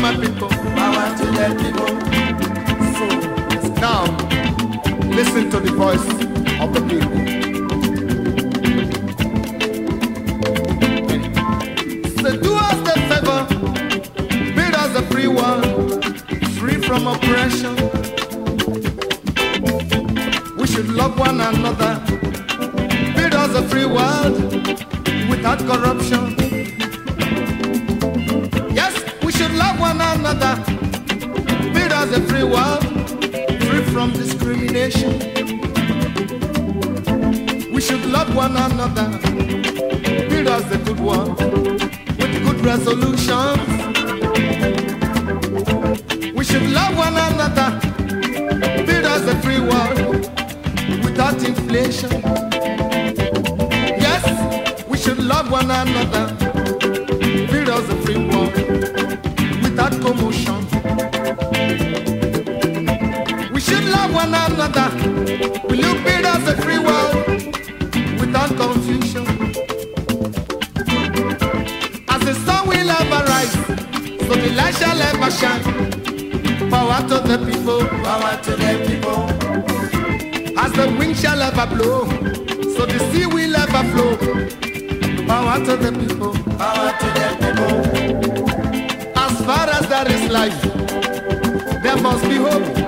my people. Power to the people. So now, listen to the voice of the people. So do us the favor, build us a free world, free from oppression. We should love one another, build us a free world without corruption. world, free from discrimination. We should love one another, build us a good world with good resolutions. We should love one another, build us a free world without inflation. Yes, we should love one another, build us a free world without commotion. love one another. Will you build us a free world without confusion? As the sun will ever rise, so the light shall ever shine. Power to the people, power to the people. As the wind shall ever blow, so the sea will ever flow. Power to the people, power to the people. As far as there is life, there must be hope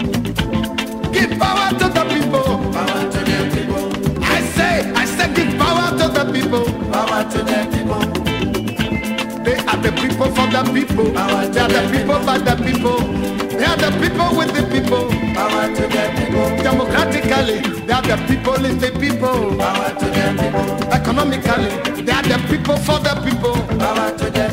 Give power to the people. Power to the people. I say, I say, give power to the people. Power to the people. They are the people for the people. Power they are the people, for the people. They are the people with the people. Power to the people. Democratically, they are the people with the people. Power to the people. Economically, they are the people for the people. Power to the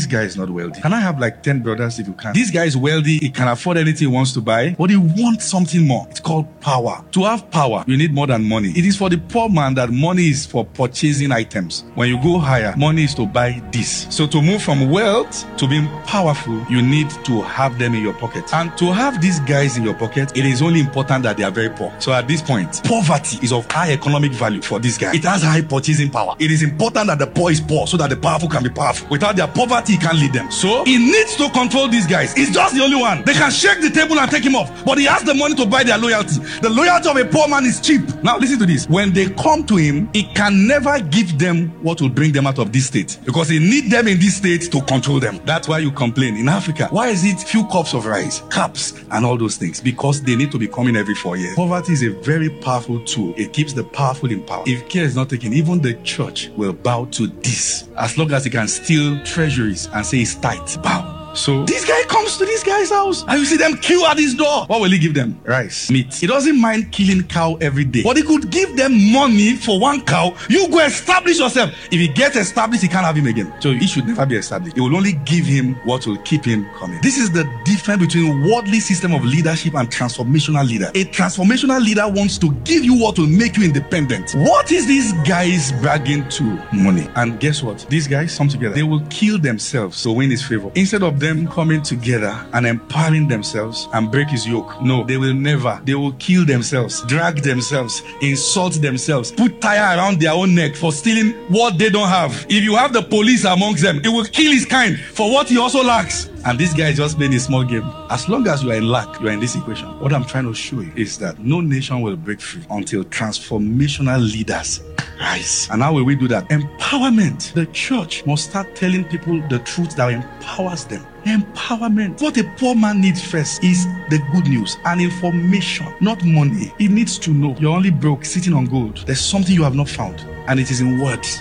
this guy is not wealthy. Can I have like 10 brothers if you can? This guy is wealthy. He can afford anything he wants to buy, but he wants something more. It's called power. To have power, you need more than money. It is for the poor man that money is for purchasing items. When you go higher, money is to buy this. So to move from wealth to being powerful, you need to have them in your pocket. And to have these guys in your pocket, it is only important that they are very poor. So at this point, poverty is of high economic value for this guy. It has high purchasing power. It is important that the poor is poor so that the powerful can be powerful. Without their poverty, he can't lead them. So he needs to control these guys. He's just the only one. They can shake the table and take him off, but he has the money to buy their loyalty. The loyalty of a poor man is cheap. Now listen to this. When they come to him, he can never give them what will bring them out of this state because he need them in this state to control them. That's why you complain in Africa. Why is it few cups of rice, cups, and all those things? Because they need to be coming every four years. Poverty is a very powerful tool. It keeps the powerful in power. If care is not taken, even the church will bow to this as long as he can steal treasury and say, It's tight. Bow. So this guy comes to this guy's house and you see them queue at his door. What will he give them? Rice. Meat. He doesn't mind killing cow every day. But he could give them money for one cow. You go establish yourself. If he gets established, he can't have him again. So he should never be established. He will only give him what will keep him coming. This is the difference between worldly system of leadership and transformational leader. A transformational leader wants to give you what will make you independent. What is this guy's bargain to? Money. And guess what? These guys come together. They will kill themselves to win his favor. Instead of them coming together and empowering themselves and break his yoke. No, they will never. They will kill themselves, drag themselves, insult themselves, put tire around their own neck for stealing what they don't have. If you have the police amongst them, it will kill his kind for what he also lacks. And this guy is just playing a small game. As long as you are in lack, you are in this equation. What I'm trying to show you is that no nation will break free until transformational leaders rise. And how will we do that? Empowerment. The church must start telling people the truth that empowers them. Empowerment. What a poor man needs first is the good news and information, not money. He needs to know you're only broke sitting on gold. There's something you have not found, and it is in words.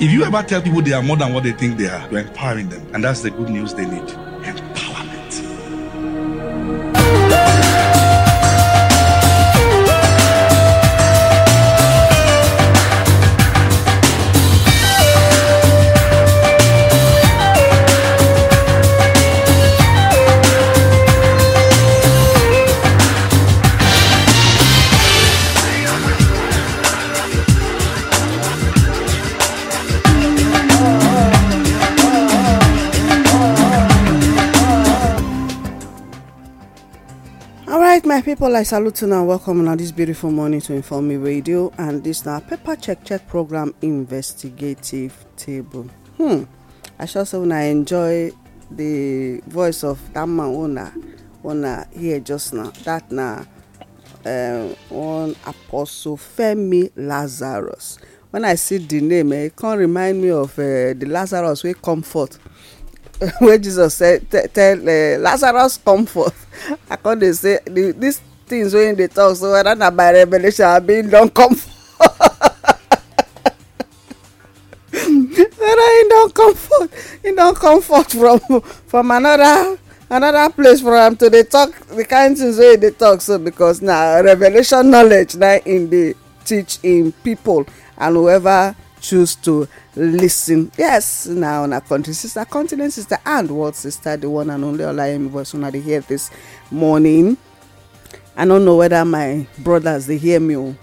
If you ever tell people they are more than what they think they are, you're empowering them. And that's the good news they need. Empower. people i salute you and welcome on this beautiful morning to inform me radio and this now paper check check program investigative table hmm i sure say I enjoy the voice of that man una una here just now that na um, one apostle femi lazarus when i see the name eh, it come remind me of uh, the lazarus way comfort. where jesus said tell uh, lazarus come forth i come they say the these things when they talk so whether na by revolution abi him don come forth whether him don come forth don't come forth from from another another place for him to They talk the kind things when they talk so because na revelation knowledge na in the teach in people and whoever choose to listen. Yes, now on our country sister, continent sister, and world sister, the one and only Olayemi voice When I hear this morning. I don't know whether my brothers they hear me oh.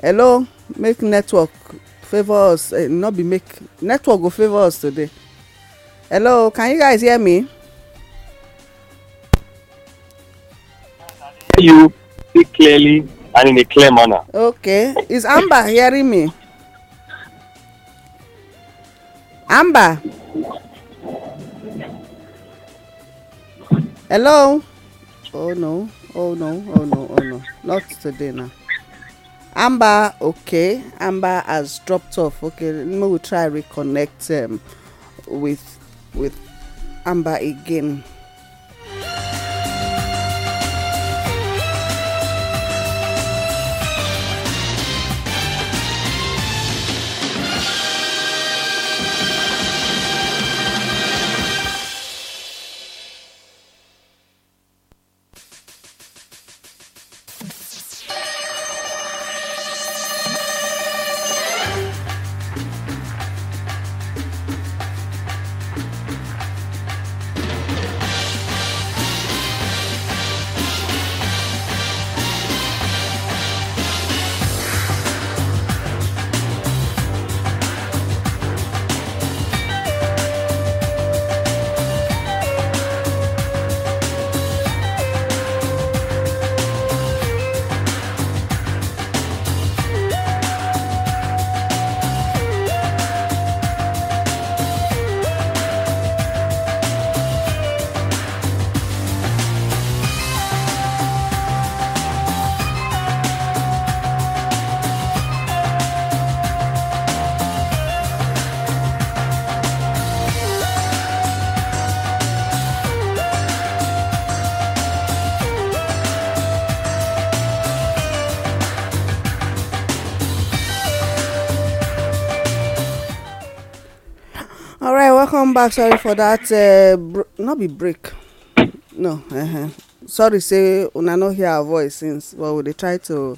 Hello, make network favor us, eh, no be make network will favor us today. Hello, can you guys hear me? You speak clearly and in a clear manner. Okay, is Amber hearing me? Amber. Hello? Oh no, oh no, oh no, oh no. Not today na. Amber, okay. Amber has dropped off. Okay, we will try reconnect um, with with Amber again. come back sorry for that uh, not be break no uh -huh. sorry say una no hear our voice since but we dey try to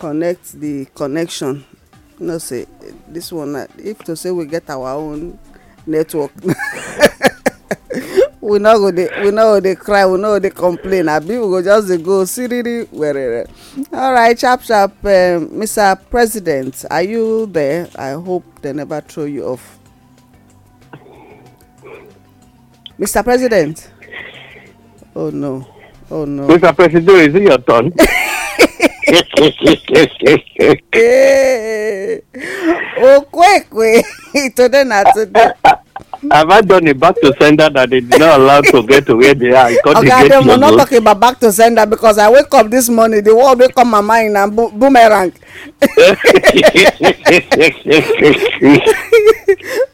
connect the connection you know say this one uh, if to say we get our own network we no go dey we no go dey cry we no go dey complain abi we go just dey go siriri werere alright sharp sharp um, mr president are you there i hope they never throw you off. Mr. President. Oh no. Oh no. Mr. President, is it your turn? Okwe kwe. Today na today. Have I done a back to sender that they did not allow to get to where they are? Because okay, they get we're not talking about back to sender because I wake up this morning, the world wake up my mind and bo- boomerang.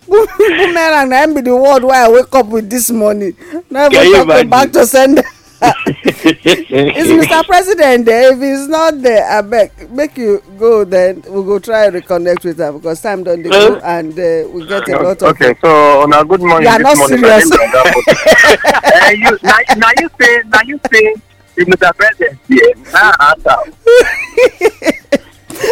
boomerang, na be the world where I wake up with this morning. Never talking back to sender it's mr president there eh? if he's not there abeg make you go then we'll go try reconnect with am because time don't go and uh, we get a lot of. okay so on a good morning yeah, this morning serious. i dey bring you na, na you say now you say if mr president here now answer.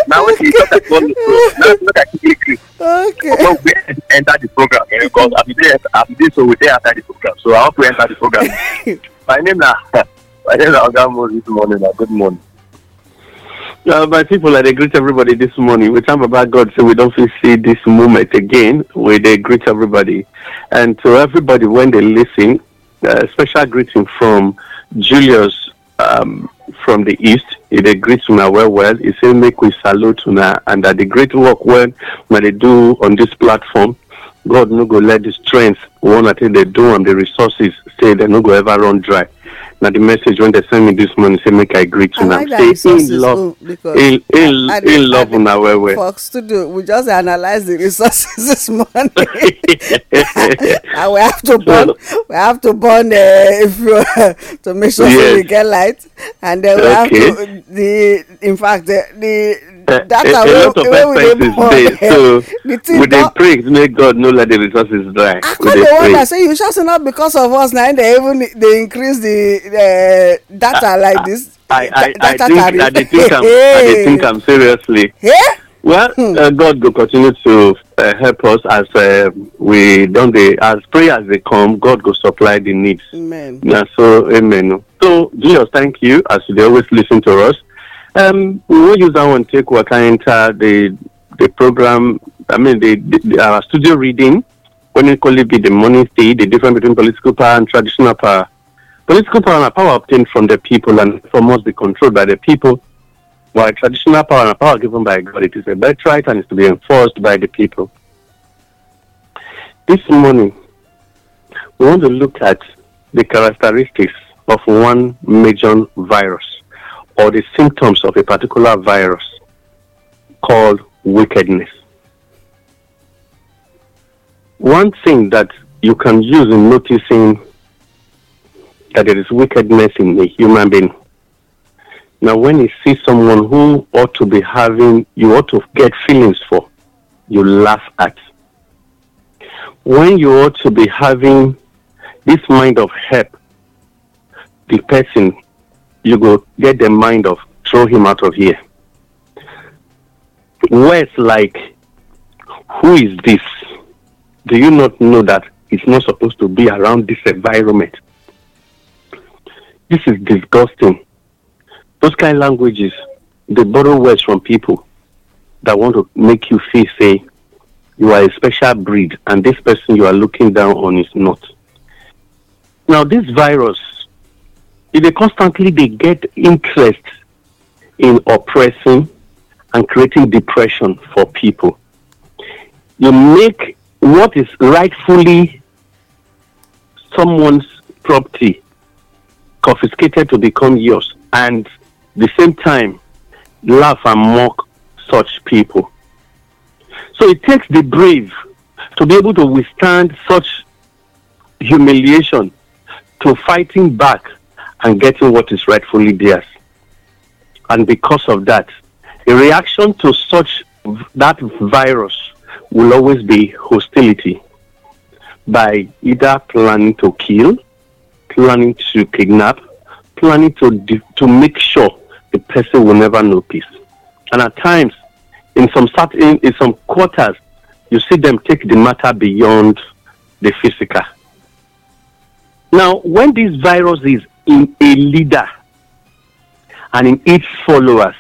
Now we see talk about the program na make i keep it clean. okay so we enter the program eh, because I'm as I'm dey so we're dey after the program so i hope we enter the program. My name now. My name now. this morning. Now. Good morning. Uh, my people, I greet everybody this morning. We thank about God so we don't see this moment again. We they greet everybody. And to everybody when they listen, uh, special greeting from Julius um, from the East. He they greet well, well. He say, make we salute Tuna and that the great work when, when they do on this platform. god no go let the strength one i they do and the resources say they no go ever run dry Now the message when they send me this morning say make i greet una say im love im im love una well well. for studio we just analyze the resources this morning and we have to burn we have to burn uh, to make sure yes. we get light and then we okay. have to the in fact the the data wey we dey pour there the thing don we dey pray make god no let the resources dry i come dey wonder say you sure say not because of us na dey even dey increase the uh, data like this i i i think i dey think am i dey think am seriously Yeah. well hmm. uh, god go continue to uh, help us as uh, we don dey as prayers dey come god go supply the needs amen na so amen so jesus thank you as you dey always lis ten to us Um, we will use that one take water enter uh, the the program. I mean the, the our uh, studio reading. When it call it be the money stay, the difference between political power and traditional power. Political power and power obtained from the people and from must be controlled by the people. While traditional power and power given by God, it is a right and is to be enforced by the people. This morning, we want to look at the characteristics of one major virus or the symptoms of a particular virus called wickedness. One thing that you can use in noticing that there is wickedness in a human being. Now, when you see someone who ought to be having, you ought to get feelings for, you laugh at. When you ought to be having this mind of help, the person you go get the mind of throw him out of here. Words like, who is this? Do you not know that it's not supposed to be around this environment? This is disgusting. Those kind of languages, they borrow words from people that want to make you feel, say, you are a special breed and this person you are looking down on is not. Now, this virus they constantly they get interest in oppressing and creating depression for people. You make what is rightfully someone's property confiscated to become yours, and the same time laugh and mock such people. So it takes the brave to be able to withstand such humiliation, to fighting back and getting what is rightfully theirs. And because of that, the reaction to such that virus will always be hostility by either planning to kill, planning to kidnap, planning to de- to make sure the person will never know peace. And at times, in some certain in some quarters, you see them take the matter beyond the physical. Now, when this virus is in a leader and in its followers.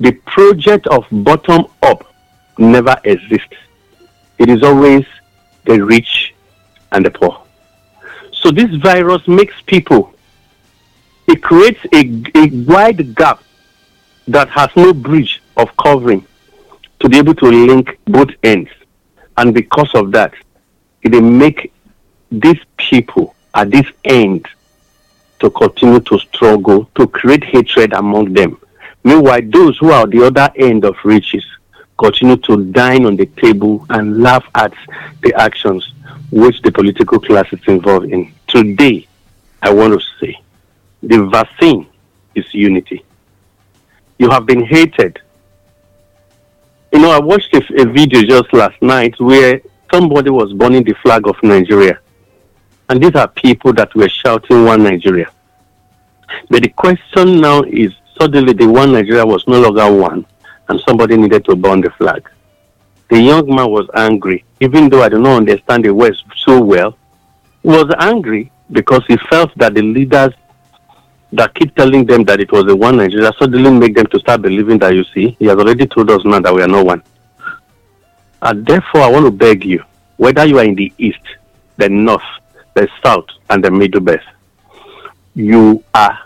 The project of bottom up never exists. It is always the rich and the poor. So this virus makes people, it creates a, a wide gap that has no bridge of covering to be able to link both ends. And because of that, it make these people at this end to continue to struggle to create hatred among them. Meanwhile, those who are the other end of riches continue to dine on the table and laugh at the actions which the political class is involved in. Today, I want to say the vaccine is unity. You have been hated. You know, I watched a, a video just last night where somebody was burning the flag of Nigeria. And these are people that were shouting one Nigeria. But the question now is suddenly the one Nigeria was no longer one and somebody needed to burn the flag. The young man was angry, even though I do not understand the West so well, was angry because he felt that the leaders that keep telling them that it was the one Nigeria suddenly make them to start believing that you see, he has already told us now that we are no one. And therefore I want to beg you, whether you are in the east, the north, the South, and the Middle belt. You are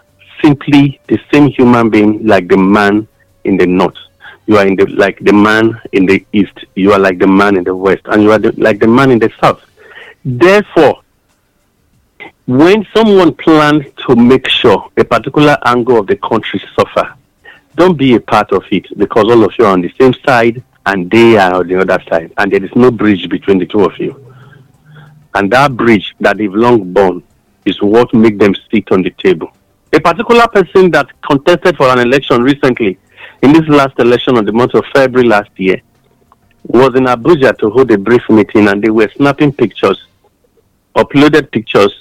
simply the same human being like the man in the North. You are in the, like the man in the East. You are like the man in the West. And you are the, like the man in the South. Therefore, when someone plans to make sure a particular angle of the country suffer, don't be a part of it because all of you are on the same side and they are on the other side, and there is no bridge between the two of you. And that bridge that they've long borne is what make them sit on the table. A particular person that contested for an election recently, in this last election on the month of February last year, was in Abuja to hold a brief meeting and they were snapping pictures, uploaded pictures.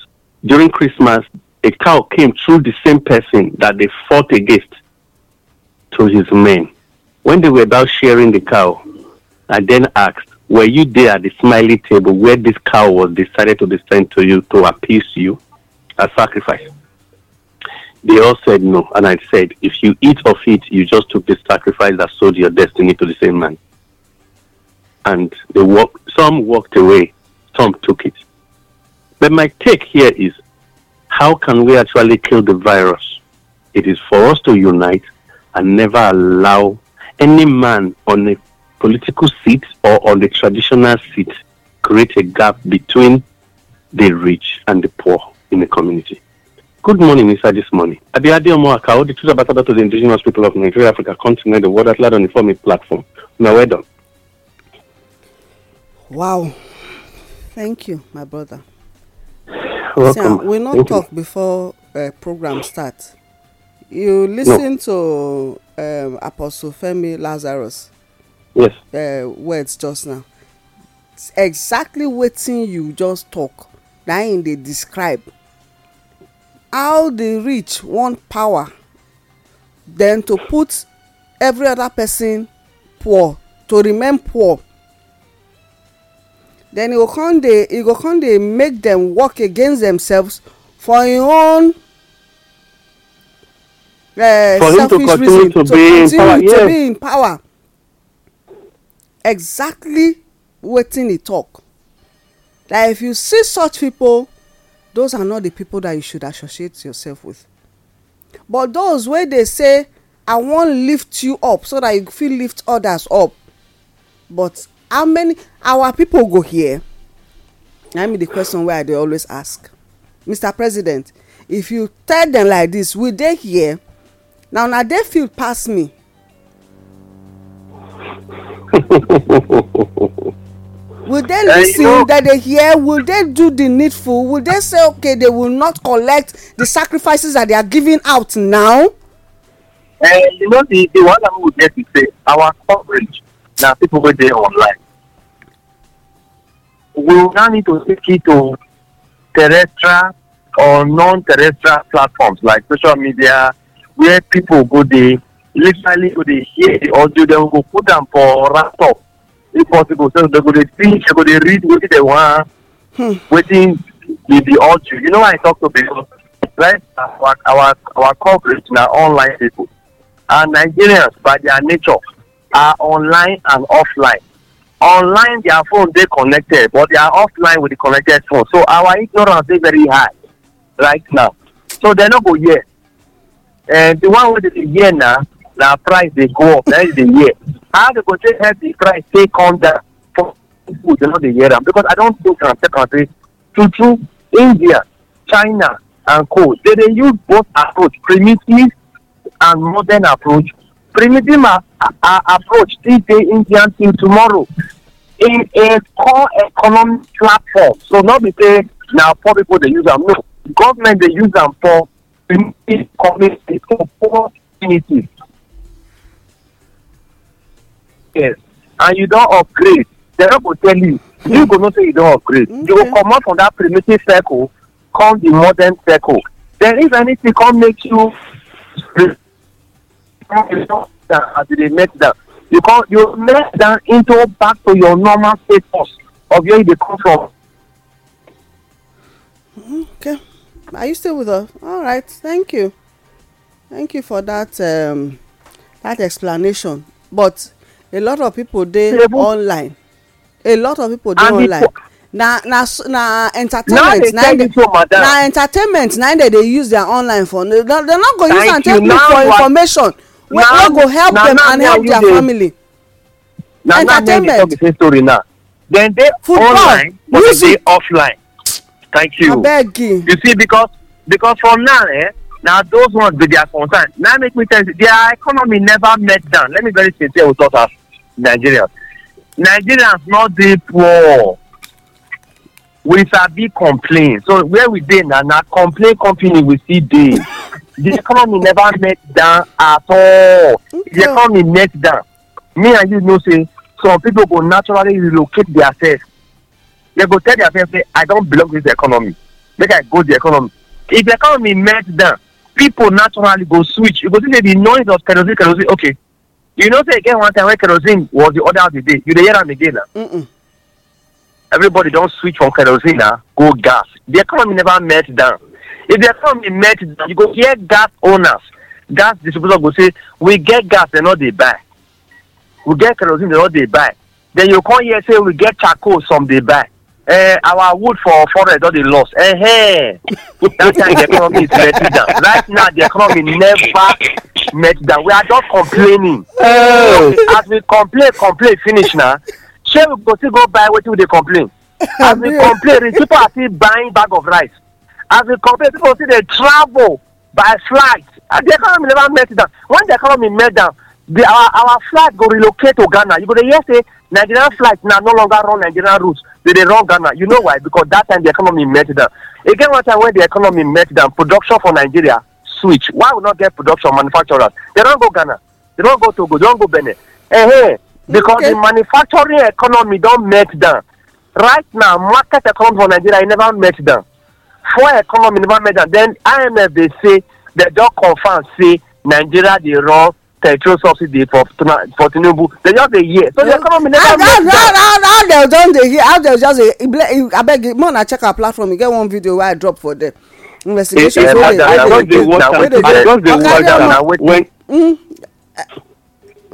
During Christmas, a cow came through the same person that they fought against to his men. When they were about sharing the cow, I then asked, were you there at the smiley table where this cow was decided to be sent to you to appease you as sacrifice? They all said no. And I said, if you eat of it, you just took the sacrifice that sold your destiny to the same man. And they walk, some walked away, some took it. But my take here is how can we actually kill the virus? It is for us to unite and never allow any man on a political seat or on the traditional seat create a gap between the rich and the poor in the community. Good morning, Mr. This morning. Abiadi Omoakao, the truth about to the indigenous people of Nigeria, Africa, continent, the world, at large, on the Forming platform. Now, well done. Wow. Thank you, my brother. Welcome. Sam, we not Thank talk you. before uh, program start. You listen no. to um, Apostle Femi Lazarus yes. uh, words just now exactly wetin you just talk na im dey describe how the rich want power then to put every other person poor to remain poor then e go come dey e go come dey make dem work against themselves for im own uh, for selfish reason to, to continue to be in power exactly wetin e talk that if you see such people those are not the people that you should associate yourself with but those wey dey say i wan lift you up so that you fit lift others up but how many our people go hear na be the question wey i dey always ask mr president if you tell dem like this we dey here na una dey feel pass me will they lis ten that they hear will they do the needful will they say okay they will not collect the sacrifices that they are giving out now. Uh, you know the the one wey we get be say our coverage na people wey dey online we now need to take it to terrestrial or non-terrestrial platforms like social media where people go dey literally go dey hear the audio dem go put am for laptop if possible so dem go dey think They go dey read wetin dem wan hmm. wetin be the audio you know why i talk so because right our our our coverage na online people and nigerians by their nature are online and offline online their phone dey connected but they are offline with the connected phone so our ignorance dey very high right now so dem no go hear and the one wey dey hear na na price dey go up na it dey hear how they go take help the price take come down for food they no dey hear am because i don think am take am say true true india china and co they dey use both approach primitive and modern approach primitive uh, uh, approach still dey indian till tomorrow in a core economic platform so no be say na poor people dey use am no government dey use am for primitive community for poor communities years and you don upgrade dem no go tell you you go know say you don upgrade you go comot from that primitive circle come the modern circle then if anything come make you as you dey melt down you come you melt down into back to your normal status of where you dey come from. okay are you still with us all right thank you thank you for that um, that explanation but a lot of people dey online a lot of people dey online na na na entertainment na na entertainment na dem dey use their online for dem no go use am take look for information wey no go help dem and help their family Now entertainment dem dey online but dem dey offline thank you you see because because for now eh Now, those ones be their concern. Now, make me tell you, Their economy never met down. Let me very sincere with us, Nigerians. Nigerians not dey poor. We shall be complain. So where we been? And na complain company we see dey. the economy never met down at all. The economy met down. Me and you know say some people go naturally relocate themselves. They go tell themselves say I don't belong with the economy. Make I go the economy. If the economy met down, people naturally go switch you go see the noise of kerosene kerosene okay you know say again one time when kerosene was the order of the day you hear them again na. Mm -mm. everybody don't switch from kerosene na go gas the economy never melt down if the economy melt down you go hear gas owners gas distributors go say we get gas dem no they buy we get kerosene dem no they buy then you come here say we get charcoal some they buy uh, our wood for forest don dey lost uh -huh. that time the economy is melting down right now the economy never melt down we are just complaining oh. as we complain complain finish na shey we go still go buy wetin we dey complain as we complain people are still buying bag of rice as we complain people still dey travel by flight and the economy never melt down when the economy melt down the our our flight go relocate to ghana you go dey hear say nigerian flight na no longer run nigerian routes. They, they run Ghana. You know why? Because that time the economy met down. Again, one time when the economy met down, production for Nigeria switch. Why we not get production manufacturers? They don't go Ghana. They don't go Togo. They don't go Benin. Eh, eh. because okay. the manufacturing economy don't met down. Right now, market economy for Nigeria never met down. Fuel economy never met down. Then IMF they say they don't confirm say Nigeria they run petrol subsidy for for tinubu they just dey hear so the economy never make sense. how dem don dey hear how dem just dey abeg more na check our platform e get one video wey i drop for there investigation eh, eh, wey dey wey dey wey dey dey okay no mo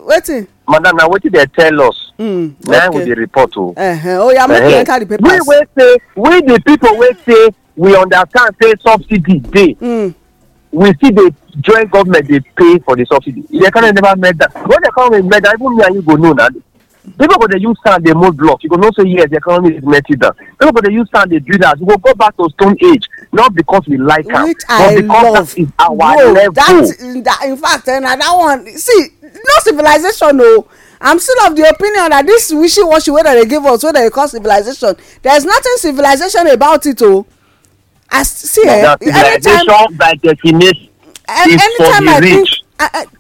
wetin. madam na wetin dey tell us. Mm, na okay. we dey report o. Oh. oya oh, make you enter the papers. we wey say we the people wey say we understand say subsidy dey. Mm. we still dey joint government dey pay for the subsidy the economy never met that when the economy met that even me and you go know na people go dey use sand dey mold block you go know say yes the economy is melting down people go dey use sand dey build that. we go go back to stone age not because we like am but because love. that is our Whoa, level. That, that, in fact eh, na that one see no civilization o. Oh. No. i'm still of the opinion that this wishy-washy wey dem dey give us wey dem dey call civilization there is nothing civilization about it o. Oh. as see eh anytime anytime i think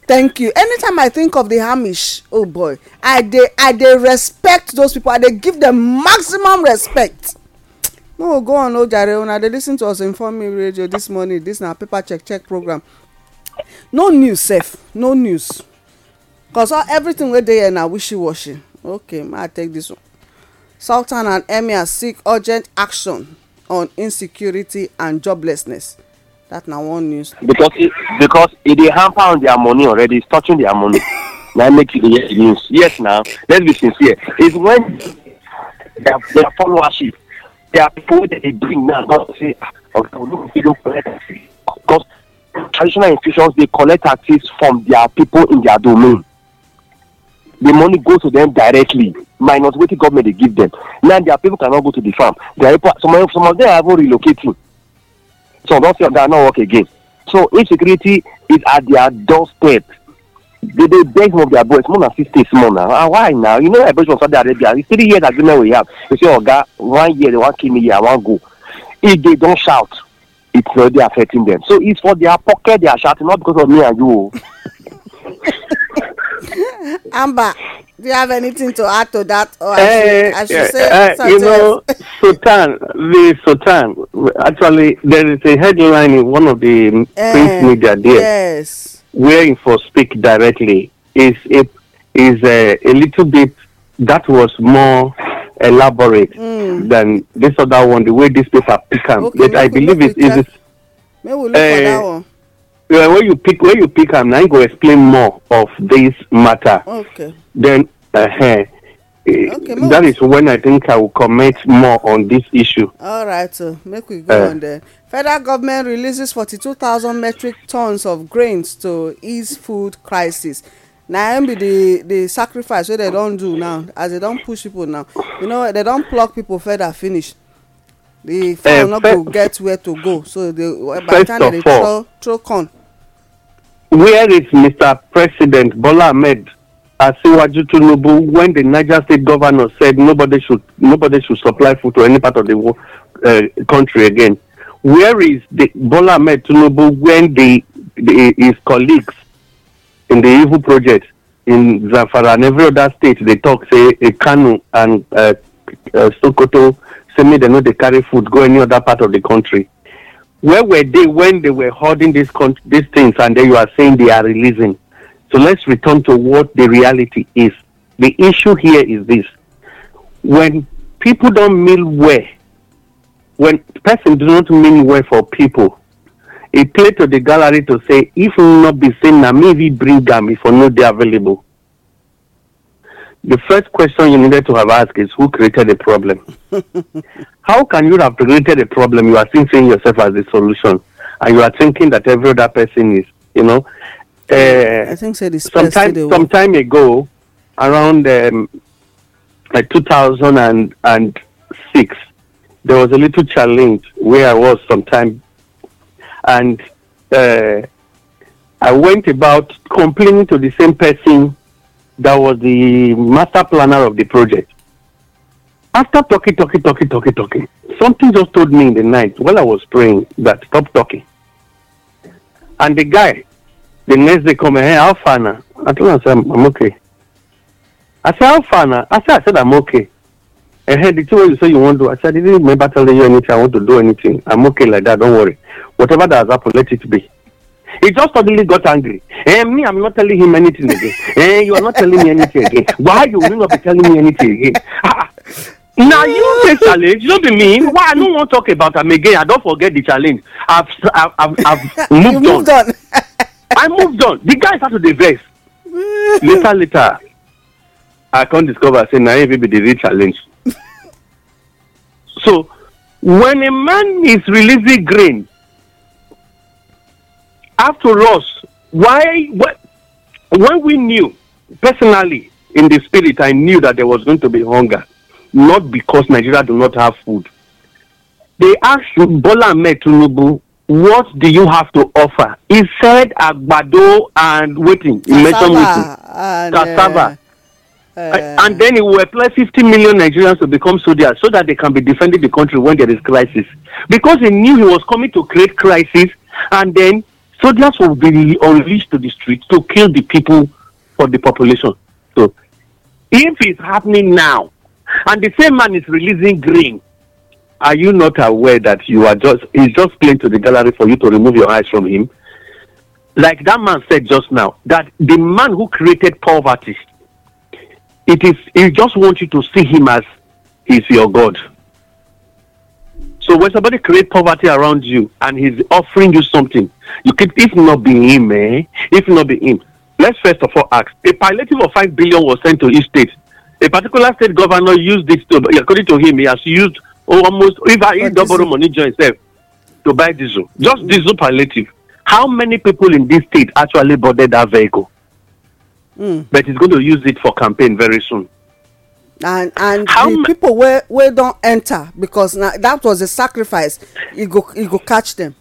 thank you anytime i think of the hamish oh boy i they i they respect those people i they give them maximum respect no we'll go on ojare oh una dey lis ten to us inform me radio this morning this now paper check check program no news safe. no news cos everything wey dey now wishy-washy okay i take this one sultan and emir seek urgent action on insecurity and joblessness that na one news. because e because e dey hamper on their money already it's touching their money na make you dey hear the news yes na let's be sincere it's when their their followership their people wey dey bring now don say oga olugbo fit don collect taxes because traditional institutions dey collect taxes from their people in their domain the money go to them directly minus wetin government dey give them now their people cannot go to the farm their people some of some of them are even relocating some don say oga no work again so insecurity is at their doorstep they dey beg some of their boys more than six days more now and ah, why now you know liberation from saudi arabia it's three years agreement we have they say oga one year they wan kill me here i wan go if they don shout it's already affecting them so it's for their pocket they are shouting not because of me and you o. Amber, do you have anything to add to that? Or I, should, eh, I should eh, say uh, You know, Sultan, the Sultan, actually, there is a headline in one of the uh, print media there. Yes. Where for speak directly is it is a, a little bit that was more elaborate mm. than this other one, the way this paper pick up. Okay, but I believe it is. May we look uh, at that one? uh, when you pick when you pick am na im go explain more of this matter okay then uh, okay, that is when i think i will comment more on this issue all right so make we go uh, on there federal government releases forty-two thousand metric tons of grains to ease food crisis na im be the the sacrifice wey they don do now as they don push people now you know they don pluck people further finish the farm uh, eh, no go get where to go so they by the time they dey throw throw corn Where is Mr. President Bola Ahmed Asiwaju Tinubu when the Niger State governor said nobody should nobody should supply food to any part of the uh, country again? Where is the Bola Ahmed Tinubu when the, the, his colleagues in the evil project in Zamfara and every other state they talk say a eh, Kano and uh, uh, Sokoto say make dem no dey carry food go any other part of the country? where were they when they were holding these con- these things and then you are saying they are releasing so let's return to what the reality is the issue here is this when people don't mean well when person do not mean well for people it play to the gallery to say if not be seen, na me we bring them if not dey available The first question you needed to have asked is who created the problem? How can you have created a problem? You are thinking yourself as the solution, and you are thinking that every other person is, you know. Uh, I think so some, time, some time ago, around um, like 2006, there was a little challenge where I was sometime, and uh, I went about complaining to the same person that was the master planner of the project. After talking, talking, talking, talking, talking, something just told me in the night while I was praying that stop talking. And the guy, the next day come, hey, how far now? I told him, I said, I'm, okay. I said, how far now? I said, I said, I'm okay. And hey, the two you say you want to, I said, I didn't remember telling you anything. I want to do anything. I'm okay like that. Don't worry. Whatever that has happened, let it be. He just suddenly got angry. And eh, me, I'm not telling him anything again. And eh, you are not telling me anything again. Why you will not be telling me anything again? Ah, ah. now you say challenge. You don't be mean. Why I don't want to talk about him again? I don't forget the challenge. I've I've, I've, I've moved, moved on. on. I moved on. The guy started to divorce. later, later, I can't discover. Say, now nah, maybe the real challenge. so, when a man is releasing grain after us, why, why when we knew personally in the spirit, I knew that there was going to be hunger, not because Nigeria do not have food. They asked Bola Ahmed Nubu, "What do you have to offer?" He said agbado and waiting. He mentioned waiting, cassava. Uh, and then he will apply 50 million Nigerians to become soldiers so that they can be defending the country when there is crisis. Because he knew he was coming to create crisis, and then Soldiers will be unleashed to the streets to kill the people for the population. So, if it's happening now, and the same man is releasing green, are you not aware that you are just he's just playing to the gallery for you to remove your eyes from him? Like that man said just now, that the man who created poverty, it is he just wants you to see him as he's your God. So when somebody creates poverty around you and he's offering you something, you could, if not be him, eh? If not be him, let's first of all ask. A palliative of five billion was sent to each state. A particular state governor used it to, according to him, he has used almost if I double money join himself to buy diesel. Just diesel palliative. How many people in this state actually boarded that vehicle? Mm. But he's going to use it for campaign very soon. and and the people where don't enter because now that was a sacrifice you go e go catch them.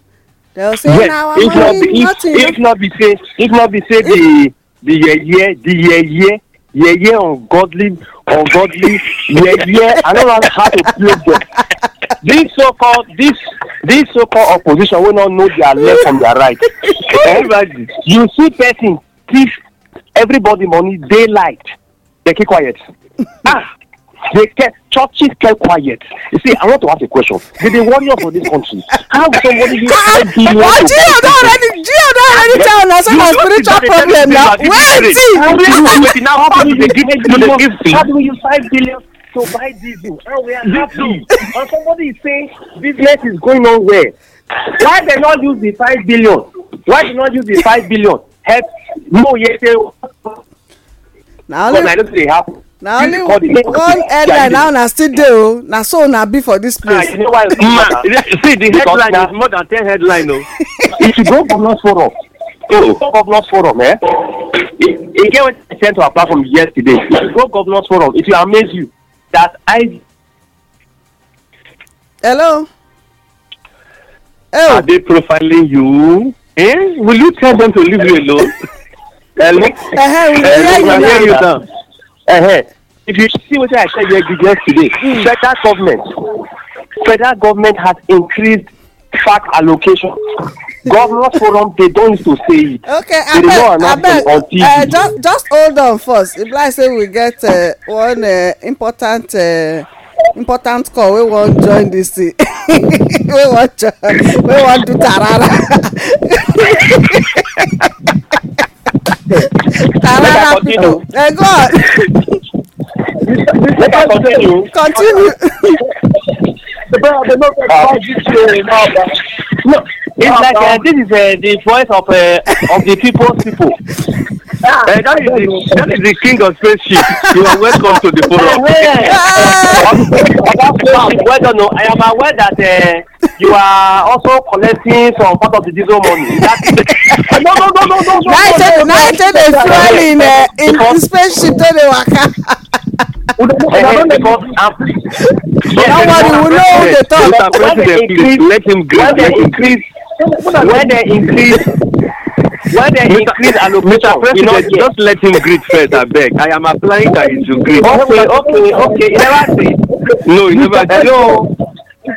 they will say yes. na our if money be, if if not be say if not be say the the yeye the yeye yeye ungodly ungodly yeye i no know how to play them this so called this this so called opposition wey no know their left from their right everybody you see person thief everybody money daylight dey keep quiet ah They kept churches kept quiet. You see, I want to ask a question. Did the warriors for this country have somebody who here? Ah, billion oh, Gio don already Gio don already tell us about spiritual problem now. Where? Wait, see, how do you now how do you give how do you five billion to buy diesel and we are happy and somebody is saying business is going on well. Why they not use the five billion? Why they not use the five billion? Help no yet. Now, but I don't think they have na only one headline now na still dey oh. o na so una be for dis ah, place. you know why ma see the headline is more than ten headline o. Oh. if you go governors forum go governors forum eh e get wetin i send to our platform yesterday if you go governors forum it will amaze you that i. hello. Oh. are they profiling you. Eh? will you tell them to leave you alone. hello. Uh -huh, we hear you now. -huh. if you see what i said yesterday mm. federal government federal government has increased fat allocation governor forum they don't need to say it okay they abeg abeg uh, just just hold on first if like say we get uh, one uh, important uh, important call wey wan join this thing wey wan join wey wan do tarara. Tara Rapido. Eh, go on. Let us continue. Continue. The brother, the brother, the brother, the It's like uh, this is uh, the voice of uh, of the people's people. Ah. Uh, that is the, that is the king of spaceship. You are welcome to the forum. well done. No, I am aware that uh, you are also collecting some part of the diesel money. That, no, no, no, no, no, no. Now no, no, no, they fuel in uh, in because, spaceship. Then they work. we know who they talk. When they let him go. When they increase when they increase when they increase allocation you know just let him greet first I beg. i am applying that he should greet. okay okay okay you never greet. no you never greet. no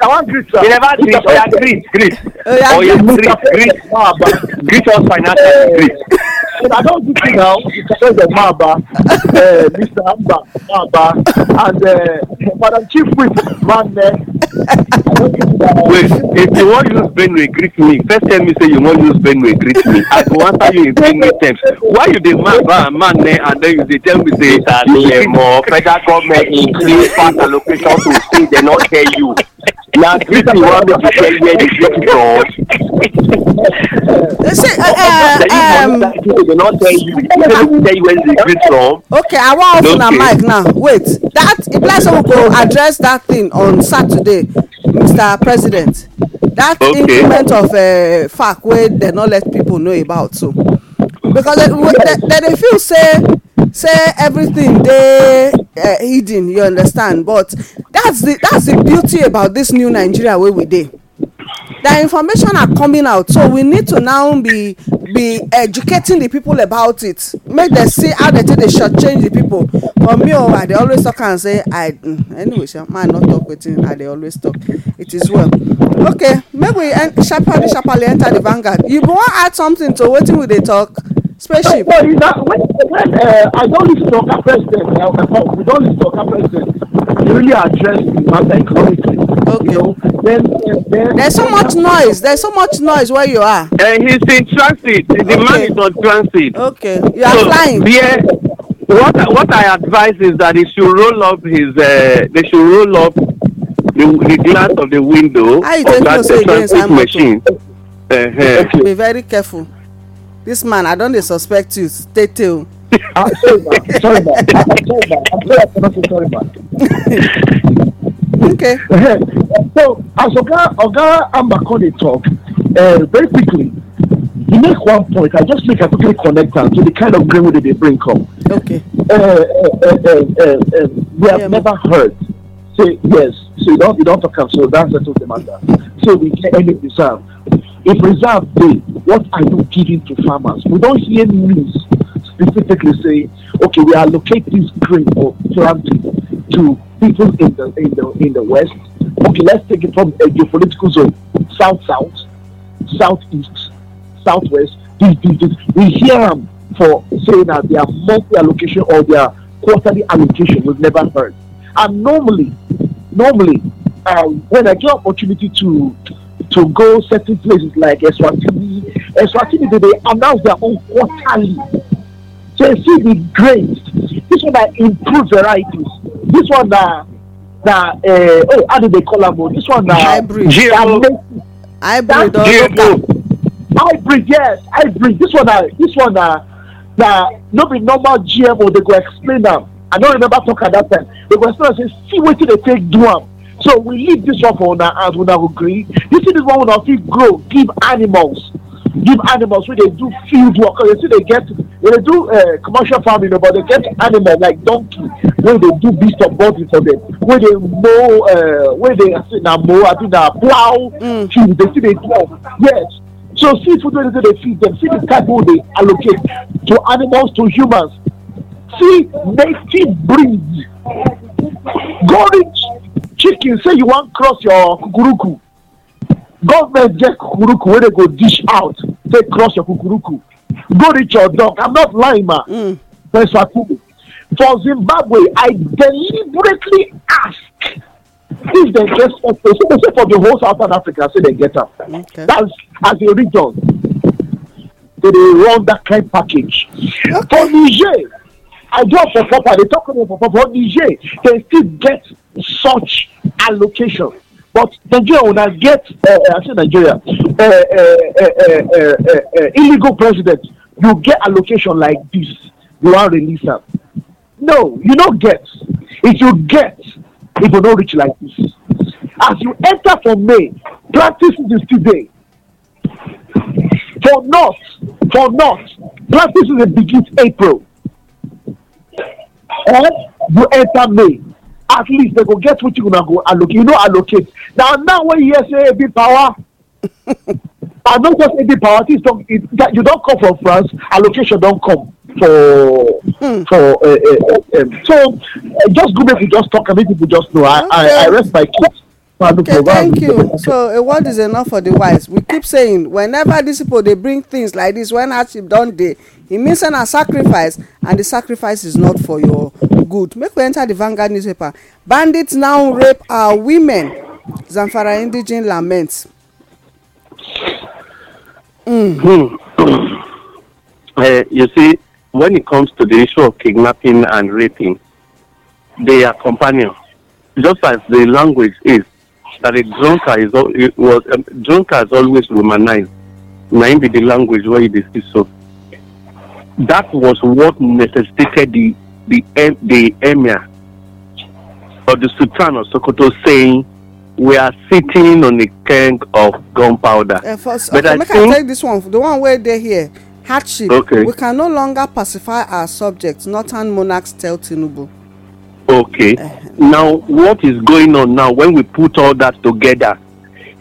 i wan greet sir. you never greet oya oh, greet greet oya oh, greet greet greet us financially greet. But I don't do it now. There's a Maba, uh, eh, Mr. Amba, Maba, and uh, Madam Chief Whip, Manne. Eh. Wait, if you want to use Benway greet me. First tell me say you want to use Benway greet me. I will answer you in Benway terms. Why you the Maba, Manne, and then you say, tell me say... Mr. Lemo, federal government increase fund allocation to see they not hear you last week you want me to tell you where the shit is on. Ṣé ẹ ẹ okay I wan open okay. mic now wait that if like say we go address that thing on Saturday Mr President that okay. increment of uh, FAQ wey dem no let people know about so because dem dey feel say say everything dey uh, hidden you understand but that's the that's the beauty about this new nigeria wey we dey the information are coming out so we need to now be be educating the people about it make them see how dem take dey change the people for me o oh, i dey always talk am say i mm, anyway sha ma i no talk wetin i dey always talk it is well okay make we en sharply sharply enter the vanguard you wan add something to wetin we dey talk spaceship. No, you know, when, when uh, I don't listen to Oka President, we don't listen to Oka President. We really address the matter economically. Okay. You know, then, then There's so much noise. There's so much noise where you are. Uh, he's in transit. The okay. man is on transit. Okay. You are so, flying. Yeah. What what I advise is that he should roll up his. Uh, they should roll up the, the glass of the window I of that the transit machine. Uh-huh. Be very careful this man i don dey suspect you stay till. i'm sorry ma sorry sorry sorry sorry okay. so as oga oga ambako dey talk uh, very quickly he make one point i just make i quickly connect am to the kind of green wey dey bring come. okay. Uh, uh, uh, uh, uh, we have yeah, never heard say yes so you don you don talk am so that settle the matter so we get any reserve a reserve day what are you giving to farmers we don't hear news specifically say, okay we allocate this grain or planting to people in the in the in the west okay let's take it from a geopolitical zone south south southeast southwest this this this we hear am for saying that their monthly allocation or their quarterly allocation we've never heard and normally normally um, when i get opportunity to to go certain places like Eswatini. Eswatini, they, they announce their own quarterly. So you see the grades. This one are improved varieties. This one are, are uh, oh, how do they call them? This one are hybrid. GMO. Hybrid. Hybrid, yes. Hybrid. This one are, this one are, na not be normal GMO. They go explain them. I don't remember talking at that time. They go explain and say, see what they take do them. So we leave this one for now, and we now agree. You see this one una fit grow give animals give animals when they do field work you see they get when they do uh, commercial farming but they get animal like donkey when they do beast of burden for them When they mow uh, they dey say na mow abi na plow mm. see they still dey yes so see food wey they feed them see the type they allocate to animals to humans see native breed go chicken say you wan cross your kukuruku government get kukuruku wey dey go dish out take cross your kukuruku go reach your dog i'm not lying ma mm. for zimbabwe i deliberately ask if dem get sponsor so they say for the whole South africa say dem get am okay. that's as a region they dey run that kind package okay. for niger i do for papa dey talk to me for papa for niger dem still get such allocation. But Nigeria will not get, uh, uh I say Nigeria, uh, uh, uh, illegal president, you get allocation like this, you are release No, you don't get. If you get, it will not reach like this. As you enter for May, practice this today. For not, for not, practice is begins April. And you enter May. at least they go get wetin una go allocate you know allocate na now wey you hear say ebi power i no just ebi power things don you don come from france allocation don come for hmm. for uh, uh, um, so uh, just go make we just talk and make people just know i i, I rest my case. Okay, thank you. So a word is enough for the wise. We keep saying whenever these people they bring things like this, when hardship don't they It means an a sacrifice, and the sacrifice is not for your good. Make we enter the Vanguard newspaper. Bandits now rape our women. Zamfara Indigen laments. Mm. Hmm. uh, you see, when it comes to the issue of kidnapping and raping, they are companions. Just as the language is that a drunkard is was um, drunkard always womanized. Now, be the language where speak so. that was what necessitated the the the emir or the sultan of Sokoto saying we are sitting on a keg of gunpowder. Uh, but okay, I make think, I take this one the one wey dey here hardship. Okay. we can no longer pacify our subjects northern monarchs tell tinubu. okay uh, now what is going on now when we put all that together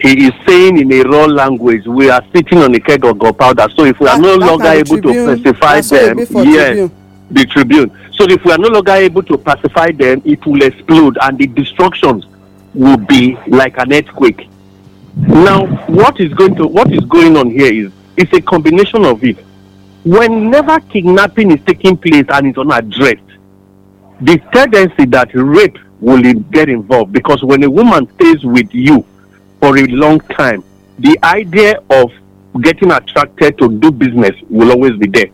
he is saying in a raw language we are sitting on a keg of gunpowder so if we are that, no that longer able tribune, to pacify them yes tribune. the tribune so if we are no longer able to pacify them it will explode and the destructions will be like an earthquake now what is going to what is going on here is it's a combination of it whenever kidnapping is taking place and it's unaddressed the tendency that rape will get involved because when a woman stays with you for a long time, the idea of getting attracted to do business will always be there.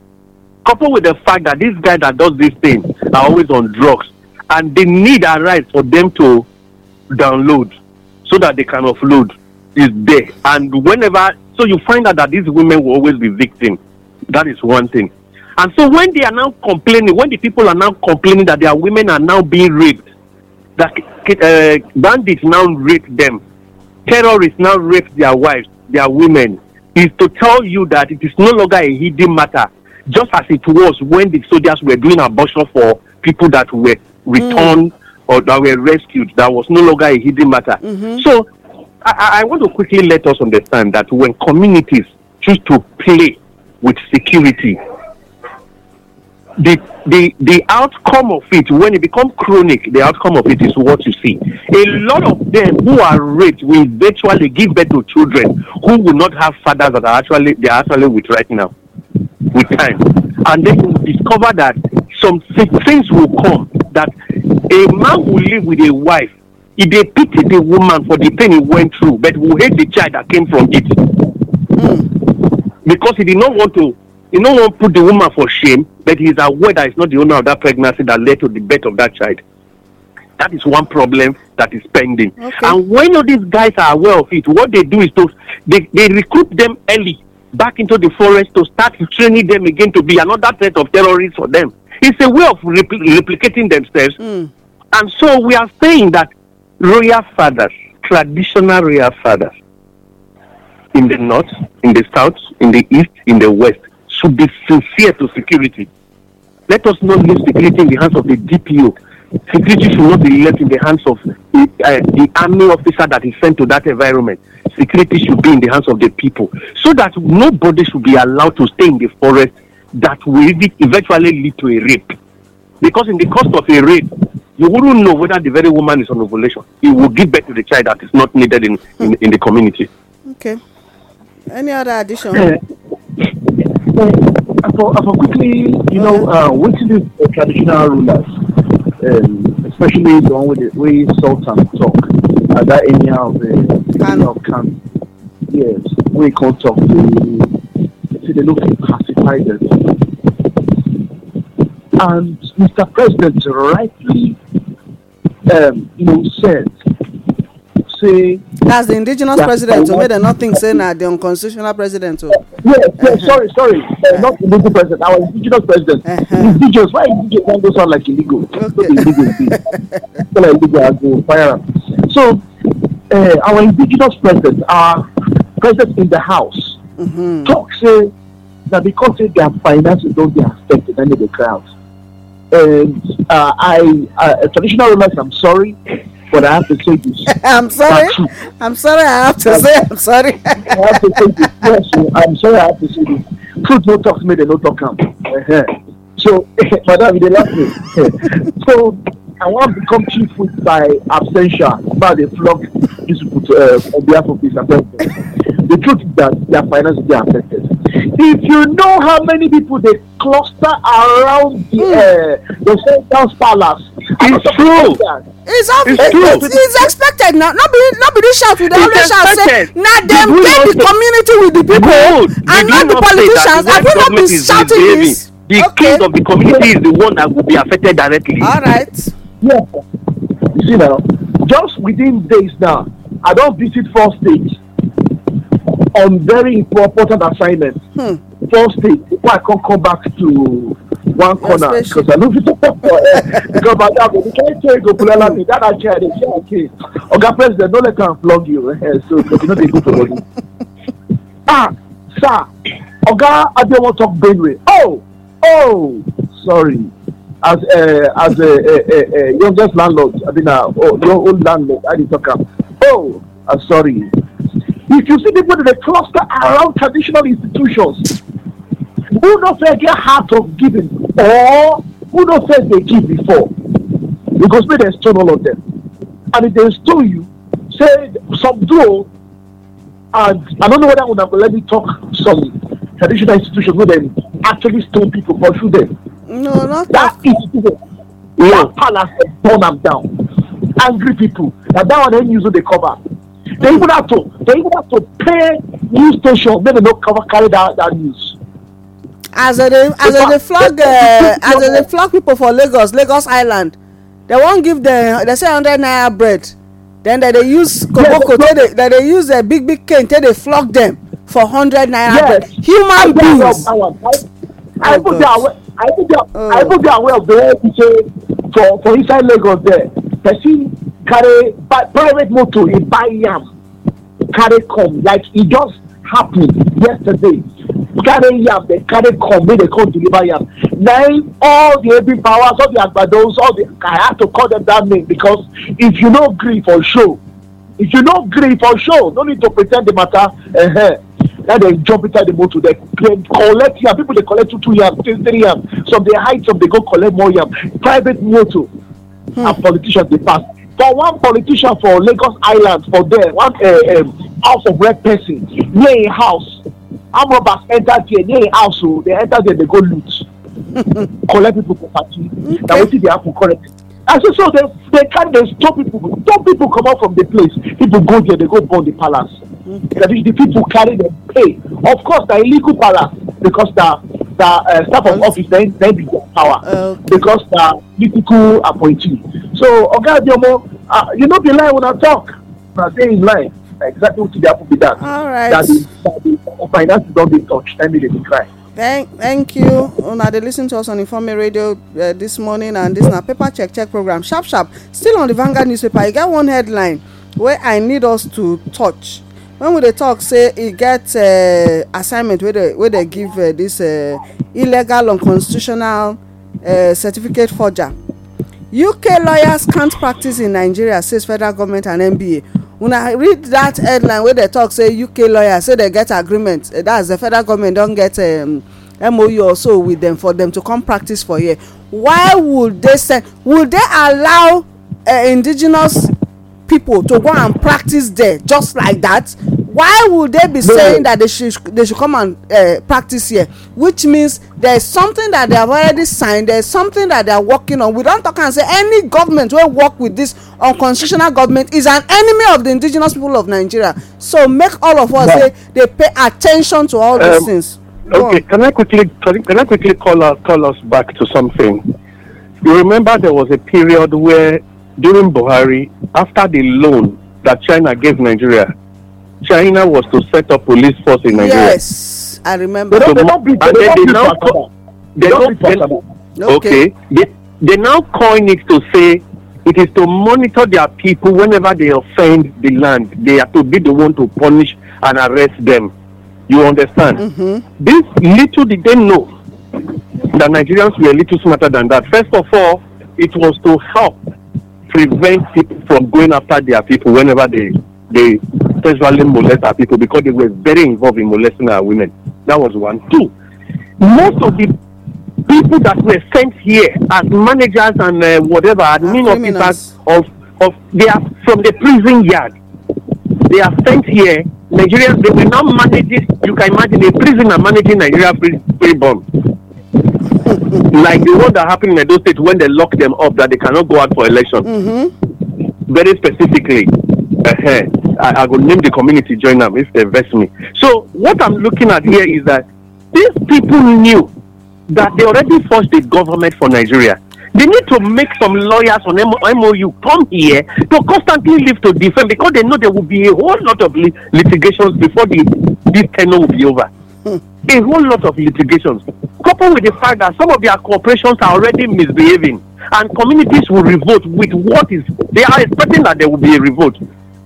Coupled with the fact that these guys that does these things are always on drugs, and the need arise for them to download so that they can offload is there. And whenever, so you find out that these women will always be victims. That is one thing. And so when they are now complaining, when the people are now complaining that their women are now being raped, that uh, bandits now rape them, terrorists now rape their wives, their women, is to tell you that it is no longer a hidden matter, just as it was when the soldiers were doing abortion for people that were returned mm. or that were rescued. That was no longer a hidden matter. Mm-hmm. So I, I want to quickly let us understand that when communities choose to play with security, the the the outcome of it when it becomes chronic the outcome of it is what you see a lot of them who are raped will eventually give birth to children who will not have fathers that are actually they are actually with right now with time and they will discover that some things will come that a man will live with a wife he dey pity the woman for the pain he went through but will hate the child that came from it mm. because he did not want to he no wan put the woman for shame that he is aware that it's not the owner of that pregnancy that led to the birth of that child. That is one problem that is pending. Okay. And when all these guys are aware of it, what they do is to they, they recruit them early back into the forest to start training them again to be another threat of terrorists for them. It's a way of repl- replicating themselves. Mm. And so we are saying that royal fathers, traditional royal fathers, in the north, in the south, in the east, in the west, should be sincere to security Let us not leave security in the hands of the DPO. Security should not be left in the hands of the, uh, the army officer that is sent to that environment. Security should be in the hands of the people so that nobody should be allowed to stay in the forest that will eventually lead to a rape. Because in the course of a rape, you wouldn't know whether the very woman is on ovulation. It will give birth to the child that is not needed in, in, in the community. Okay. Any other addition? Uh, for, for quickly, you know, uh, is the traditional rulers, um, especially the one with the way Sultan talk, at that any of the kind of camp. Yes, we can talk to, see, they look to And Mr. President rightly, um, you know, said say as the indigenous president to nothing say na the unconstitutional president Yes, yes, uh-huh. sorry, sorry. Uh, uh-huh. not illegal president, our indigenous president. Uh-huh. Indigenous, why indigenous don't sound like illegal? Okay. Not illegal, illegal So, uh, our indigenous president, our president in the house, mm-hmm. talk say uh, that because say their finances don't get affected, any of the crowds. And uh, I, uh, traditional rulers, I'm sorry, but I have to say this. I'm sorry. I'm sorry. I have to say. I'm sorry. I have to say this. Yes, I'm sorry. I have to say this. Truth no talk to me. They no talk come. Uh-huh. So, madam, they laugh me. so I want to become chief whip by absentia about the flog these people uh, on behalf of this affected. The truth is that their finances are affected. If you know how many people they cluster around the mm. uh, the central palace, it's true. It's, it's, it's It's, expected now. Not be not be shout. They always shout say, "Now them get the community with the people Good. and not the politicians." I will not be shouting this? The okay. king of the community is the one that will be affected directly. All right. Yeah. You see now, just within days now, I don't visit four states on very important assignment. Hmm. Four states. why I can't come back to one corner because I love it. because by that, we can't tell you go pull out me. That I chair, they say okay. Oga President, don't let them flog you. Eh? so you know they go for money. Ah, sir, Oga, I don't want to talk brainwave. Oh, oh, sorry as uh, as a uh, uh, youngest landlord i mean na oh, your own landlord i dey talk am oh i'm ah, sorry if you see people dey cluster around traditional institutions who no first get heart of giving or who no first dey give before because make dem stone all of them and if dem stone you say some do and i don't know whether una go let me talk some traditional institutions wey dem actually stone people through them No, not that. That yeah. that palace burn them down. Angry people. And that one then use the cover. They even have to they even have to pay news station make they no cover carry that, that news. As a they uh, as a they flog uh, as a they flog people for Lagos, Lagos Island, they won't give the. they say hundred naira bread. Then that they use koboko yeah, they, they, they use a big big cane Then they flog them for hundred naira yes. bread. Human beings. I even dey aware I even dey oh. I even dey aware of the way He say for for inside Lagos there person carry buy private motor he buy yam carry come like e just happen yesterday carry yam dey carry come make dey come deliver yam na im all the heavy powers all the agbados all the i had to call them that name because if you no gree for show if you no gree for show no need to pre ten d the matter uh -huh. Now they jump inside the motor. They, they collect yam. People they collect two, two yam, three, three yam. Some they hide, some they go collect more yam. Private motor. Hmm. And politicians they pass. For one politician for Lagos Island, for there, one uh, um, house of red person, near a house. Arm robbers enter there, near a house, so oh, they enter there, they go loot. collect people property. Okay. Now what did they have to collect? I say so they they can they stop people, stop people come from the place. People go there, they go burn the palace. Okay. That is the people carry the pay. Of course, the illegal palace because the the uh, staff of office then then be their power okay. because the political appointee. So Oga okay, Adiomo, uh, ah, you no be lie when I talk. Na say in line exactly what dey happen be that. All right. That the that the finances don dey touch. Then they dey cry. Thank, thank you. Una oh, they listen to us on Informe Radio uh, this morning and this na paper check check program sharp sharp. Still on the Vanguard newspaper, e got one headline where I need us to touch when we dey talk say e get uh, assignment wey dey give uh, this uh, illegal unconstitutional uh, certificate forger uk lawyers can't practice in nigeria says federal government and nba una read that headline wey dey talk say uk lawyers say dey get agreement uh, that's the federal government don get um, mou or so with dem for dem to come practice for here why would they say? would they allow uh, indigenous people to go and practice there just like that why would they be no. saying that they should they should come and uh, practice here which means there's something that they have already signed there's something that they are working on we don't talk and say any government will work with this unconstitutional government is an enemy of the indigenous people of nigeria so make all of us say they pay attention to all um, these things. Go okay on. can i quickly can i quickly call call us back to something you remember there was a period where during Buhari, after the loan that China gave Nigeria, China was to set up police force in Nigeria. Yes, I remember. So, they don't, they don't, they don't, they now, okay. okay. They, they now coin it to say it is to monitor their people whenever they offend the land. They are to be the one to punish and arrest them. You understand? Mm-hmm. This little did they know that Nigerians were a little smarter than that. First of all, it was to help prevent people from going after their people whenever they they sexually molest our people because they were very involved in molesting our women. That was one. Two, most of the people that were sent here as managers and uh, whatever admin officers of of they are from the prison yard. They are sent here. Nigerians they will not manage it. You can imagine a prisoner managing Nigeria free, free bomb. like the one that happened in Edo State when they locked them up that they cannot go out for election. Mm-hmm. Very specifically, uh-huh. I, I will name the community join them if they vex me. So what I'm looking at here is that these people knew that they already forced the government for Nigeria. They need to make some lawyers on MOU come here to constantly live to defend because they know there will be a whole lot of lit- litigations before the, this tenure will be over. a whole lot of litigations, coupled with the fact that some of their corporations are already misbehaving and communities will revolt with what is they are expecting that there will be a revolt.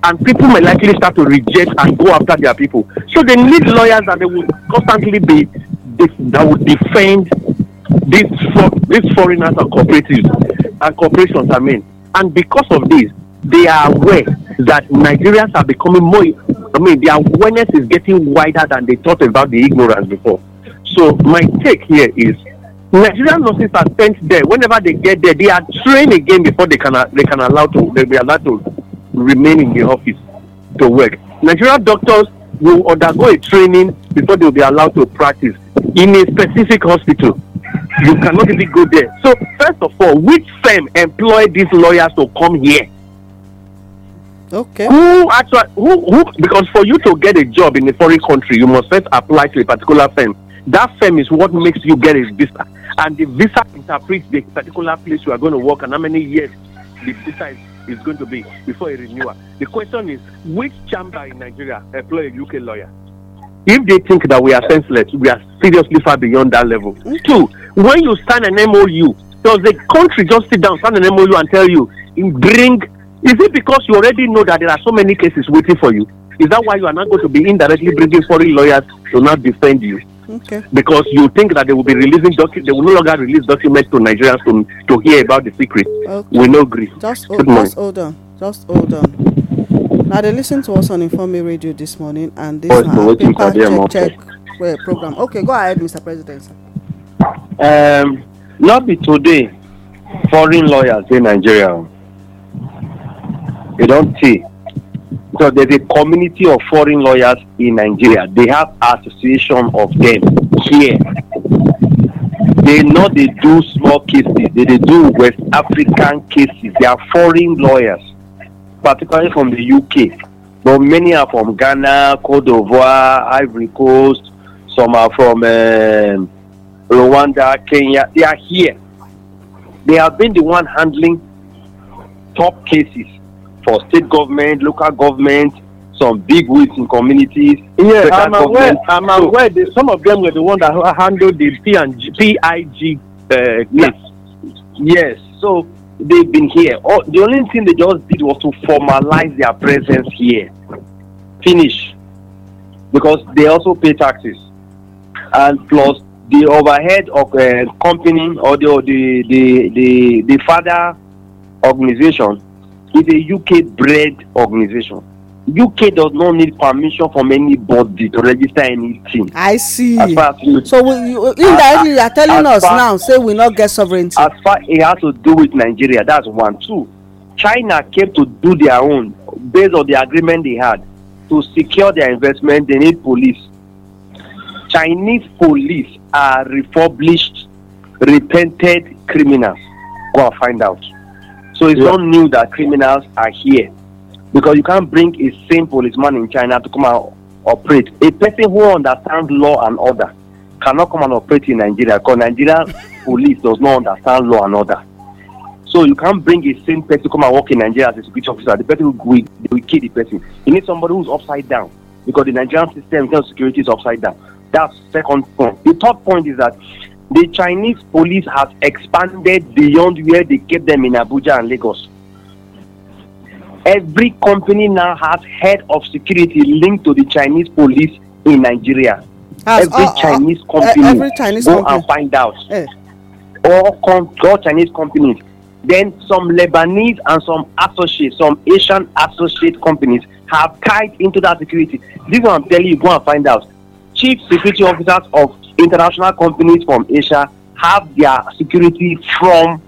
And people may likely start to reject and go after their people. So they need lawyers that they will constantly be that will defend these these foreigners and cooperatives and corporations. I mean, and because of this, they are aware that Nigerians are becoming more I mean, the awareness is getting wider than they thought about the ignorance before. So my take here is Nigerian nurses are sent there. Whenever they get there, they are trained again before they can they can allow to they be allowed to remain in the office to work. Nigerian doctors will undergo a training before they will be allowed to practice in a specific hospital. You cannot even go there. So first of all, which firm employed these lawyers to come here? Okay. Who actually who who because for you to get a job in a foreign country, you must first apply to a particular firm. That firm is what makes you get a visa, and the visa interprets the particular place you are going to work and how many years the visa is is going to be before a renewal. The question is, which chamber in Nigeria employ a UK lawyer? If they think that we are senseless, we are seriously far beyond that level. Two, when you sign an MOU, does the country just sit down, sign an MOU, and tell you, bring Is it because you already know that there are so many cases waiting for you? Is that why you are not going to be indirectly bringing foreign lawyers to not defend you? Okay. Because you think that they will be releasing docu- they will no longer release documents to Nigerians to, to hear about the secret. Okay. We know Greece. Just, o- just hold on. Just hold on. Now they listen to us on Informe Radio this morning and this is our paper check, check, check well, program. Okay, go ahead, Mr. President. Um, not be today. Foreign lawyers in Nigeria. They don't see. So there's a community of foreign lawyers in Nigeria. They have association of them here. They know they do small cases. They, they do West African cases. They are foreign lawyers, particularly from the UK. But many are from Ghana, Cote d'Ivoire, Ivory Coast. Some are from um, Rwanda, Kenya. They are here. They have been the one handling top cases for state government, local government, some big wigs in communities. Yeah, I'm aware, I'm aware. some of them were the ones that handled the P and G, PIG uh, case. Yes, so they've been here. Oh, the only thing they just did was to formalize their presence here. Finish. Because they also pay taxes. And plus the overhead of a uh, company or the, the, the, the, the father organization is a UK bred organization. UK does not need permission from anybody to register anything. I see. As far as you, so we, you, indirectly you are telling us far, now say we not get sovereignty. As far it has to do with Nigeria, that's one. Two, China came to do their own based on the agreement they had to secure their investment. They need police. Chinese police are refurbished, repented criminals. Go and find out. So it's yeah. not new that criminals are here because you can't bring a same policeman in China to come and operate. A person who understands law and order cannot come and operate in Nigeria because Nigeria police does not understand law and order. So you can't bring a same person to come and work in Nigeria as a security officer. The person will, they will kill the person. You need somebody who's upside down because the Nigerian system of security is upside down. That's second point. The third point is that the Chinese police has expanded beyond where they kept them in Abuja and Lagos. Every company now has head of security linked to the Chinese police in Nigeria. As every uh, uh, Chinese uh, company, every Chinese go and find out. Eh. All, com- all Chinese companies. Then some Lebanese and some associates, some Asian associate companies have tied into that security. This one I'm telling you, go and find out. Chief security officers of international companies from asia have their security from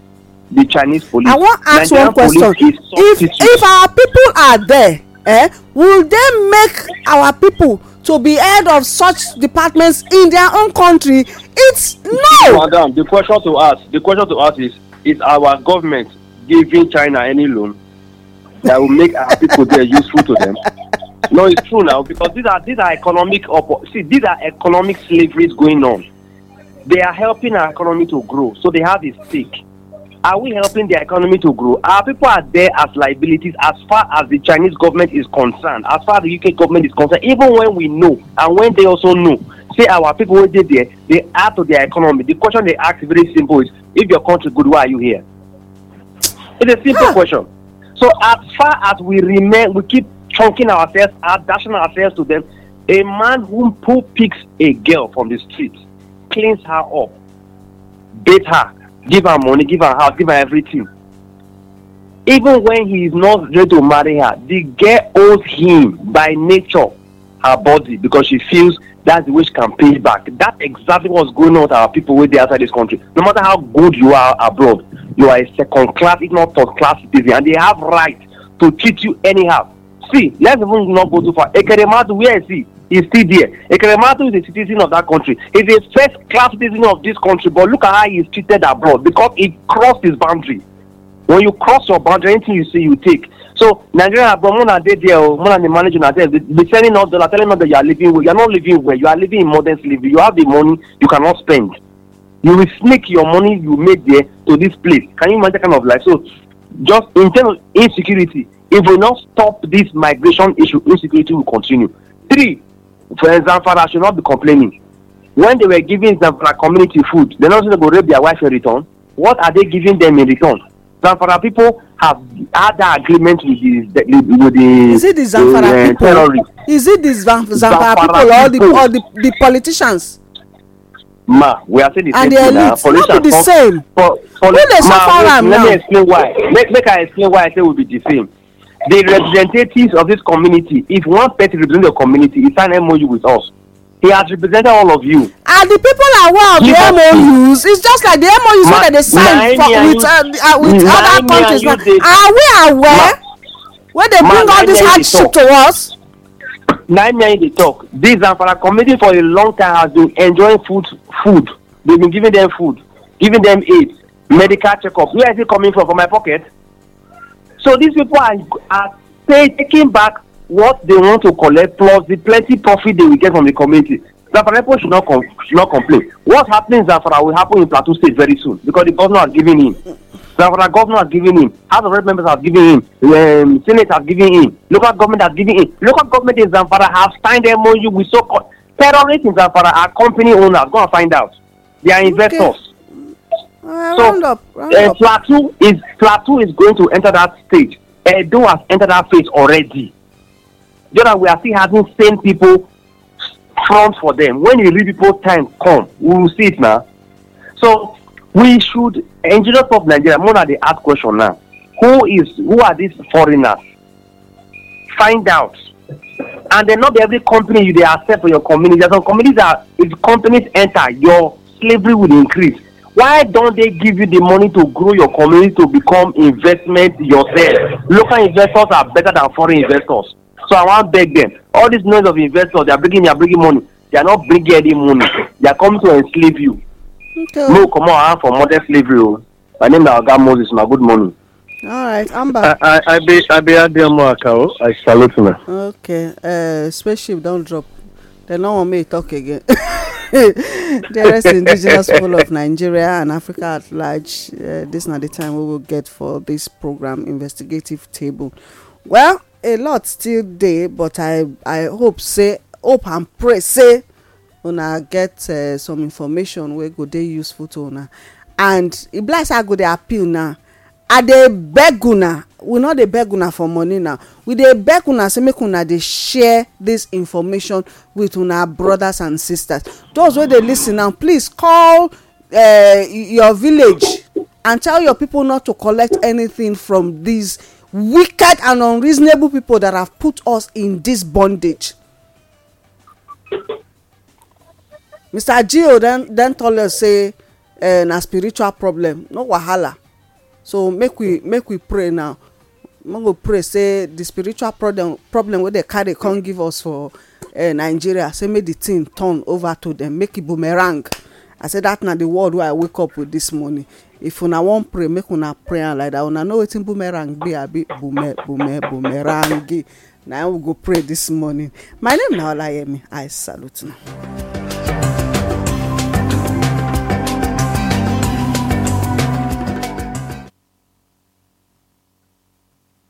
the chinese police. i wan ask Nigerian one question if if our people are there eh will they make our people to be head of such departments in their own country it's no. madam the question to ask the question to ask is is our government giving china any loan that will make our people there useful to them. no, it's true now because these are these are economic see these are economic slaveries going on. They are helping our economy to grow, so they have a stake. Are we helping the economy to grow? Our people are there as liabilities as far as the Chinese government is concerned, as far as the UK government is concerned, even when we know and when they also know. Say our people who did there, they add to their economy. The question they ask is very simple is if your country good, why are you here? It's a simple huh. question. So as far as we remain, we keep Trunking ourselves out, dashing ourselves to them. A man whom who picks a girl from the street, cleans her up, bait her, give her money, give her house, give her everything. Even when he is not ready to marry her, the girl owes him by nature her body because she feels that's the way she can pay back. That's exactly what's going on with our people with the outside this country. No matter how good you are abroad, you are a second class, if not third class citizen, and they have right to treat you anyhow. See, let's even not go too far. Ekeremadu, where is he? He's still there. Ekeremadu is a citizen of that country. He's a first class citizen of this country, but look at how he's treated abroad because he crossed his boundary. When you cross your boundary, anything you see, you take. So Nigeria abroad, more than they there, more than the manager na there, be sending us dollar, telling us that you are living well. You are not living well. You are living in modern slavery. You have the money, you cannot spend. You will snake your money you made there to this place. Can you imagine that kind of life? So just in terms of insecurity, If we not stop this migration issue, insecurity will continue. Three, for example, I should not be complaining. When they were giving Zamfara community food, they they're not going to rape their wife in return. What are they giving them in return? Zamfara people have had that agreement with the, with the is it the Zamfara uh, people? Terrorists. Is it the Zamf Zamfara, Zamfara people or the, or the, the politicians? ma we are saying the and same thing now politicians no be the same po poli ma let me explain why make make i explain why i say we be the same the representatives of this community if one person represent the community he sign mou with us he has represented all of you. and the people are aware of the mous it's just like the mous wey dem dey sign for with uh, uh, with other countries now are we aware wey dey bring all this hardship to us. nine nine dey talk this zamfara community for a long time has been enjoying food food they been giving them food giving them aid medical checkup where is it coming from from my pocket so these people are are pay, taking back what they want to collect plus the plenty profit they will get from the community zamfara people should not com should not complain What happening in will happen in plateau state very soon because the governor has given in. zamfara governor has given in. house of rep members have given in. um, senate has given in. local government has given in. local government in zamfara have signed mou with so called terrorists in zamfara are company owners go and find out they are investors okay. Uh, so, round up, round uh, Plateau is Plateau is going to enter that stage. Edo has entered that phase already. You know, we are still having same people front for them. When you leave, people time come, we will see it now. So we should engineers of Nigeria more than the ask question now. Who is who are these foreigners? Find out. And then not every company you they accept for your community. There's some communities that if companies enter, your slavery will increase why don they give you the money to grow your community to become investment yourself local investors are better than foreign investors so i wan beg them all these noise of investors they are bringing they are bringing money they are not bringing any money they are coming to enslave you okay. no I am for modern slavery o oh. my name na oga moses na good morning. all right amber. i i i be i be adeomo akao oh. i salute una. okay uh, spaceship don drop. They no want me talk again dearest indigenous people of nigeria and africa at large uh, this na the time we will get for this program investigative table well a lot still dey but i i hope say hope and pray say una get uh, some information wey go dey useful to una and e be like say i go dey appeal na, i dey beg una we no dey beg una for money now we dey beg una say make una dey share this information with una brothers and sisters those wey dey lis ten now please call eh, your village and tell your people not to collect anything from these wicked and unreasonable people that have put us in this bondage. mr gio then tell us say eh, na spiritual problem no wahala so make we make we pray now make we pray say the spiritual problem problem wey dey carry come give us for uh, nigeria say make the thing turn over to them make e boomerang i say that na the word wey i wake up with this morning if una wan pray make una pray am like that una know wetin boomerang be abi boomer boomer boomerang na we go pray this morning my name na olayemi i salute you.